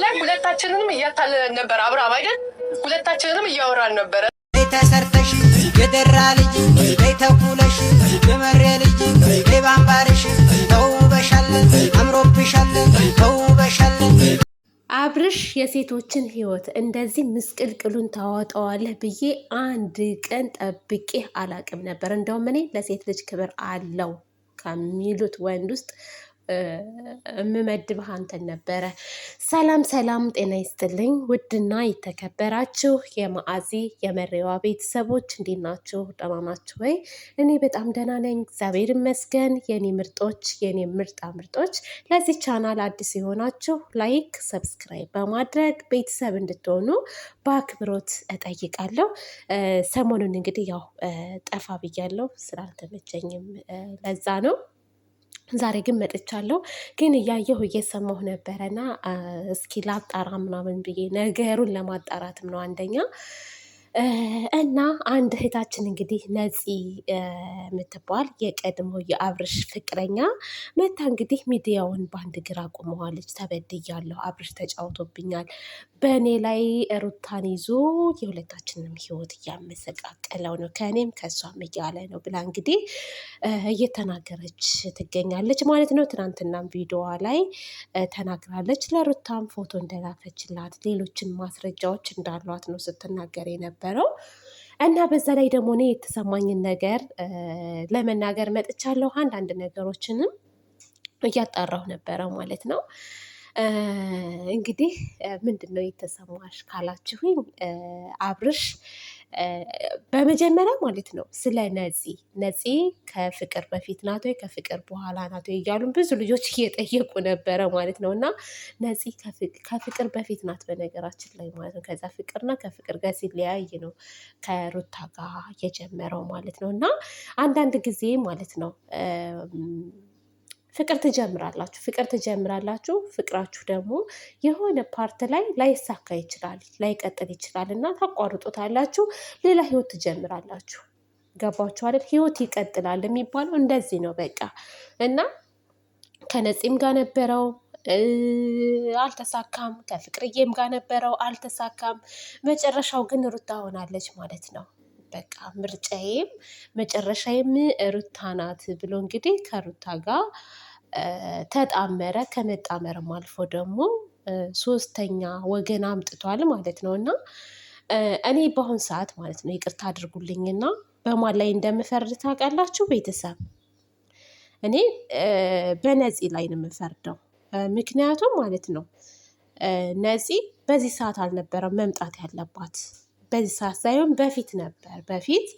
ታይም ላይ ሁለታችንንም እያታለለን ነበር። አብርሃም አይደል? ሁለታችንንም እያወራን ነበረ። ተሰርተሽ የደራ ልጅ ቤተኩለሽ የመሬ ልጅ ቤባንባርሽ ተውበሻለን፣ አምሮብሻለን፣ ተውበሻለን። አብርሽ የሴቶችን ህይወት እንደዚህ ምስቅልቅሉን ታወጣዋለህ ብዬ አንድ ቀን ጠብቄ አላቅም ነበር። እንደውም እኔ ለሴት ልጅ ክብር አለው ከሚሉት ወንድ ውስጥ የምመድብህ አንተን ነበረ። ሰላም ሰላም፣ ጤና ይስጥልኝ ውድና የተከበራችሁ የማአዚ የመሬዋ ቤተሰቦች እንዴት ናችሁ? ደህና ናችሁ ወይ? እኔ በጣም ደህና ነኝ፣ እግዚአብሔር ይመስገን። የኔ ምርጦች፣ የኔ ምርጣ ምርጦች፣ ለዚህ ቻናል አዲስ የሆናችሁ ላይክ፣ ሰብስክራይብ በማድረግ ቤተሰብ እንድትሆኑ በአክብሮት እጠይቃለሁ። ሰሞኑን እንግዲህ ያው ጠፋ ብያለሁ፣ ስራ አልተመቸኝም፣ ለዛ ነው ዛሬ ግን መጥቻለሁ ግን እያየሁ እየሰማሁ ነበረና እስኪ ላጣራ ምናምን ብዬ ነገሩን ለማጣራትም ነው አንደኛ እና አንድ እህታችን እንግዲህ ነፂ የምትባል የቀድሞ የአብርሽ ፍቅረኛ መታ እንግዲህ ሚዲያውን በአንድ እግር አቁመዋለች። ተበድያለሁ፣ አብርሽ ተጫውቶብኛል፣ በእኔ ላይ ሩታን ይዞ የሁለታችንም ህይወት እያመሰቃቀለው ነው ከእኔም ከእሷም እያለ ነው ብላ እንግዲህ እየተናገረች ትገኛለች ማለት ነው። ትናንትናም ቪዲዮዋ ላይ ተናግራለች። ለሩታም ፎቶ እንደላከችላት ሌሎችን ማስረጃዎች እንዳሏት ነው ስትናገር የነበር የነበረው እና በዛ ላይ ደግሞ እኔ የተሰማኝን ነገር ለመናገር መጥቻለሁ። አንዳንድ ነገሮችንም እያጣራሁ ነበረ ማለት ነው። እንግዲህ ምንድን ነው የተሰማሽ ካላችሁኝ አብርሽ በመጀመሪያ ማለት ነው ስለ ነፂ ነፂ ከፍቅር በፊት ናት ወይ ከፍቅር በኋላ ናት ወይ ብዙ ልጆች እየጠየቁ ነበረ ማለት ነው። እና ነፂ ከፍቅር በፊት ናት በነገራችን ላይ ማለት ነው። ከዛ ፍቅርና ከፍቅር ጋር ሲለያይ ነው ከሩታ ጋር የጀመረው ማለት ነው። እና አንዳንድ ጊዜ ማለት ነው ፍቅር ትጀምራላችሁ ፍቅር ትጀምራላችሁ ፍቅራችሁ ደግሞ የሆነ ፓርት ላይ ላይሳካ ይችላል፣ ላይቀጥል ይችላል እና ታቋርጦታላችሁ። ሌላ ህይወት ትጀምራላችሁ። ገባችሁ አይደል? ህይወት ይቀጥላል የሚባለው እንደዚህ ነው። በቃ እና ከነፂም ጋር ነበረው አልተሳካም። ከፍቅርዬም ጋር ነበረው አልተሳካም። መጨረሻው ግን ሩታ ሆናለች ማለት ነው። በቃ ምርጫዬም መጨረሻዬም ሩታ ናት ብሎ እንግዲህ ከሩታ ጋር ተጣመረ። ከመጣመርም አልፎ ደግሞ ሶስተኛ ወገን አምጥቷል ማለት ነው እና እኔ በአሁን ሰዓት ማለት ነው ይቅርታ አድርጉልኝና በማን ላይ እንደምፈርድ ታውቃላችሁ? ቤተሰብ እኔ በነፂ ላይ ነው የምፈርደው። ምክንያቱም ማለት ነው ነፂ በዚህ ሰዓት አልነበረም መምጣት ያለባት። በዚህ ሰዓት ሳይሆን በፊት ነበር። በፊት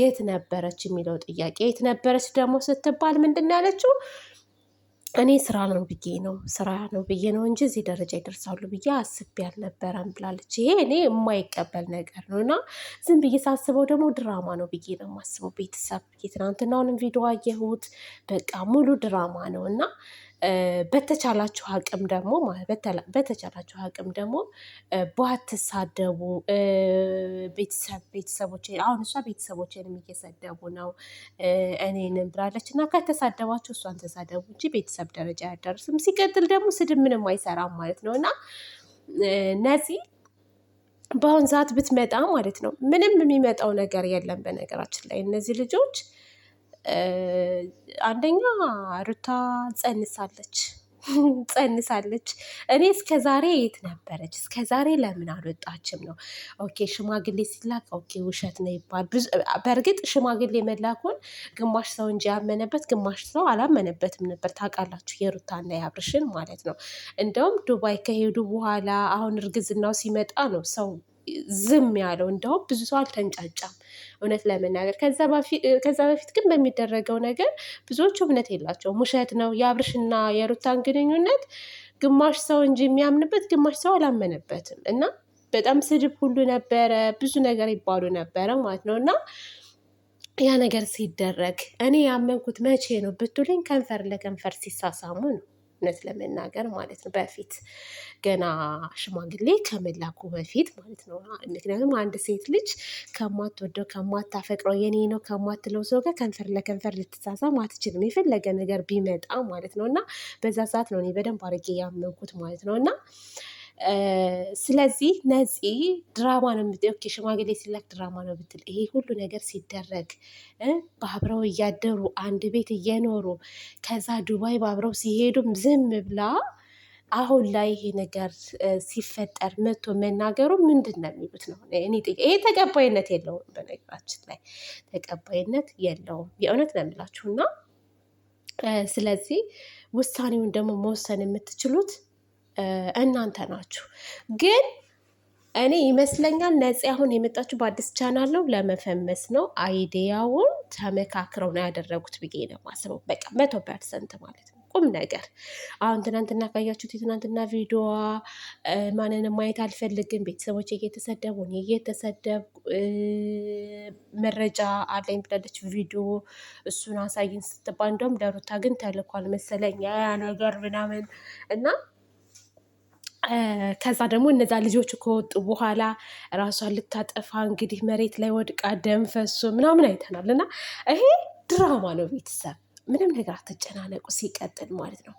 የት ነበረች የሚለው ጥያቄ የት ነበረች ደግሞ ስትባል ምንድን ያለችው? እኔ ስራ ነው ብዬ ነው ስራ ነው ብዬ ነው እንጂ እዚህ ደረጃ ይደርሳሉ ብዬ አስቤ አልነበረም ብላለች። ይሄ እኔ የማይቀበል ነገር ነው እና ዝም ብዬ ሳስበው ደግሞ ድራማ ነው ብዬ ነው የማስበው። ቤተሰብ የትናንትናውንም ቪዲዮ አየሁት፣ በቃ ሙሉ ድራማ ነው እና በተቻላችሁ አቅም ደግሞ በተቻላችሁ አቅም ደግሞ ባትሳደቡ። ቤተሰብ ቤተሰቦች አሁን እሷ ቤተሰቦችን እየሰደቡ ነው እኔንም ብላለች እና ከተሳደባችሁ እሷን ተሳደቡ እንጂ ቤተሰብ ደረጃ ያደርስም ሲቀጥል ደግሞ ስድብ ምንም አይሰራም ማለት ነው እና ነፂ በአሁን ሰዓት ብትመጣ ማለት ነው ምንም የሚመጣው ነገር የለም። በነገራችን ላይ እነዚህ ልጆች አንደኛ ሩታ ጸንሳለች ጸንሳለች። እኔ እስከ ዛሬ የት ነበረች? እስከ ዛሬ ለምን አልወጣችም ነው። ኦኬ ሽማግሌ ሲላክ ኦኬ ውሸት ነው ይባል። በእርግጥ ሽማግሌ መላኩን ግማሽ ሰው እንጂ ያመነበት ግማሽ ሰው አላመነበትም ነበር። ታውቃላችሁ፣ የሩታና የአብርሽን ማለት ነው። እንደውም ዱባይ ከሄዱ በኋላ አሁን እርግዝናው ሲመጣ ነው ሰው ዝም ያለው እንደውም ብዙ ሰው አልተንጫጫም፣ እውነት ለመናገር ከዛ በፊት ግን በሚደረገው ነገር ብዙዎቹ እምነት የላቸውም። ውሸት ነው የአብርሽና የሩታን ግንኙነት ግማሽ ሰው እንጂ የሚያምንበት ግማሽ ሰው አላመነበትም። እና በጣም ስድብ ሁሉ ነበረ፣ ብዙ ነገር ይባሉ ነበረ ማለት ነው እና ያ ነገር ሲደረግ እኔ ያመንኩት መቼ ነው ብትሉኝ፣ ከንፈር ለከንፈር ሲሳሳሙ ነው። እውነት ለመናገር ማለት ነው። በፊት ገና ሽማግሌ ከመላኩ በፊት ማለት ነው። ምክንያቱም አንድ ሴት ልጅ ከማትወደው ከማታፈቅረው የኔ ነው ከማትለው ሰው ጋር ከንፈር ለከንፈር ልትሳሳም አትችልም፣ የፈለገ ነገር ቢመጣ ማለት ነው። እና በዛ ሰዓት ነው እኔ በደንብ አድርጌ ያመንኩት ማለት ነው እና ስለዚህ ነፂ ድራማ ነው የምትል ኦኬ፣ ሽማግሌ ሲላክ ድራማ ነው ብትል ይሄ ሁሉ ነገር ሲደረግ በአብረው እያደሩ አንድ ቤት እየኖሩ ከዛ ዱባይ በአብረው ሲሄዱም ዝም ብላ አሁን ላይ ይሄ ነገር ሲፈጠር መቶ መናገሩ ምንድን ነው የሚሉት ነው። ይሄ ተቀባይነት የለውም፣ በነገራችን ላይ ተቀባይነት የለውም። የእውነት ነው እና ስለዚህ ውሳኔውን ደግሞ መወሰን የምትችሉት እናንተ ናችሁ። ግን እኔ ይመስለኛል ነፂ አሁን የመጣችሁ በአዲስ ቻናል ነው ለመፈመስ ነው። አይዲያውን ተመካክረው ነው ያደረጉት ብዬ ነው ማስበው። በቃ መቶ ፐርሰንት ማለት ነው ቁም ነገር። አሁን ትናንትና ካያችሁት የትናንትና ቪዲዮዋ ማንንም ማየት አልፈልግም፣ ቤተሰቦች እየተሰደቡ እኔ እየተሰደብኩ መረጃ አለኝ ብላለች ቪዲዮ እሱን አሳይን ስትባል፣ እንደውም ለሩታ ግን ተልኳል መሰለኝ ያ ነገር ምናምን እና ከዛ ደግሞ እነዛ ልጆቹ ከወጡ በኋላ ራሷን ልታጠፋ እንግዲህ መሬት ላይ ወድቃ ደም ፈሶ ምናምን አይተናል። እና ይሄ ድራማ ነው። ቤተሰብ ምንም ነገር አትጨናነቁ። ሲቀጥል ማለት ነው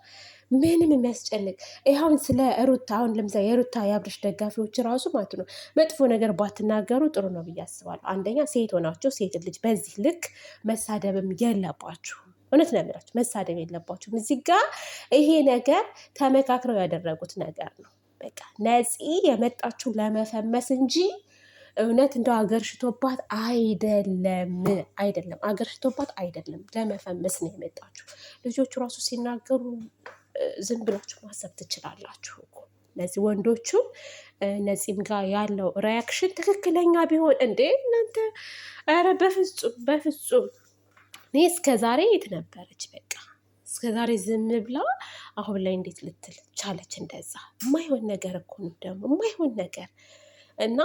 ምንም የሚያስጨንቅ ይኸውን ስለ ሩታ አሁን ለምሳሌ የሩታ የአብረሽ ደጋፊዎች ራሱ ማለት ነው መጥፎ ነገር ባትናገሩ ጥሩ ነው ብዬ አስባለሁ። አንደኛ ሴት ሆናችሁ ሴት ልጅ በዚህ ልክ መሳደብም የለባችሁ። እውነት ነው የምላችሁ መሳደብ የለባችሁም። እዚህ ጋር ይሄ ነገር ተመካክረው ያደረጉት ነገር ነው። በቃ ነፂ የመጣችው ለመፈመስ እንጂ እውነት እንደው ሽቶባት አይደለም፣ አይደለም ሽቶባት አይደለም። ለመፈመስ ነው የመጣችሁ። ልጆቹ ራሱ ሲናገሩ ዝም ብላችሁ ማሰብ ትችላላችሁ እኮ እነዚህ ወንዶቹ። ነፂም ጋር ያለው ሪያክሽን ትክክለኛ ቢሆን እንዴ እናንተ! ኧረ በፍጹም በፍጹም እኔ እስከ ዛሬ የት ነበረች በቃ እስከ ዛሬ ዝም ብላ አሁን ላይ እንዴት ልትል ቻለች? እንደዛ የማይሆን ነገር እኮ ነው ደግሞ የማይሆን ነገር እና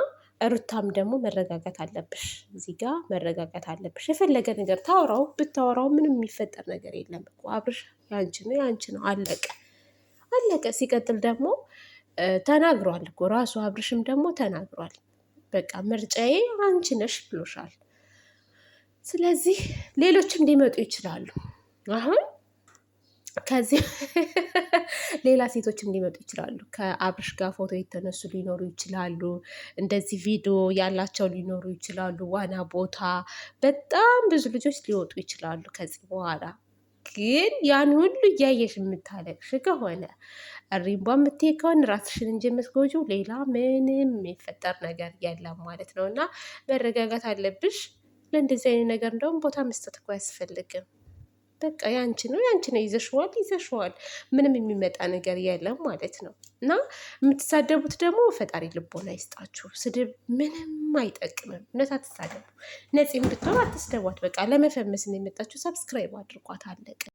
ሩታም ደግሞ መረጋጋት አለብሽ፣ እዚህ ጋ መረጋጋት አለብሽ። የፈለገ ነገር ታወራው ብታወራው ምንም የሚፈጠር ነገር የለም እኮ አብርሽ፣ ያንቺ ነው ያንቺ ነው አለቀ አለቀ። ሲቀጥል ደግሞ ተናግሯል እኮ ራሱ አብርሽም ደግሞ ተናግሯል። በቃ ምርጫዬ አንቺ ነሽ ብሎሻል። ስለዚህ ሌሎች እንዲመጡ ይችላሉ አሁን ከዚህ ሌላ ሴቶችም ሊመጡ ይችላሉ። ከአብርሽ ጋር ፎቶ የተነሱ ሊኖሩ ይችላሉ። እንደዚህ ቪዲዮ ያላቸው ሊኖሩ ይችላሉ። ዋና ቦታ በጣም ብዙ ልጆች ሊወጡ ይችላሉ። ከዚህ በኋላ ግን ያን ሁሉ እያየሽ የምታለቅሽ ከሆነ እሪምቧ የምትሄድ ከሆነ ራስሽን እንጂ የምትጎጁ ሌላ ምንም የሚፈጠር ነገር የለም ማለት ነው እና መረጋጋት አለብሽ። ለእንደዚህ አይነት ነገር እንደውም ቦታ መስጠት እኮ አያስፈልግም። በቃ ያንቺ ነው ያንቺ ነው ይዘሽዋል፣ ይዘሽዋል። ምንም የሚመጣ ነገር የለም ማለት ነው። እና የምትሳደቡት ደግሞ ፈጣሪ ልቦና ይስጣችሁ። ስድብ ምንም አይጠቅምም። እውነት አትሳደቡ። ነፂም ብትሆን አትስደቧት። በቃ ለመፈመስን የመጣችሁ ሰብስክራይብ አድርጓት አለቀ።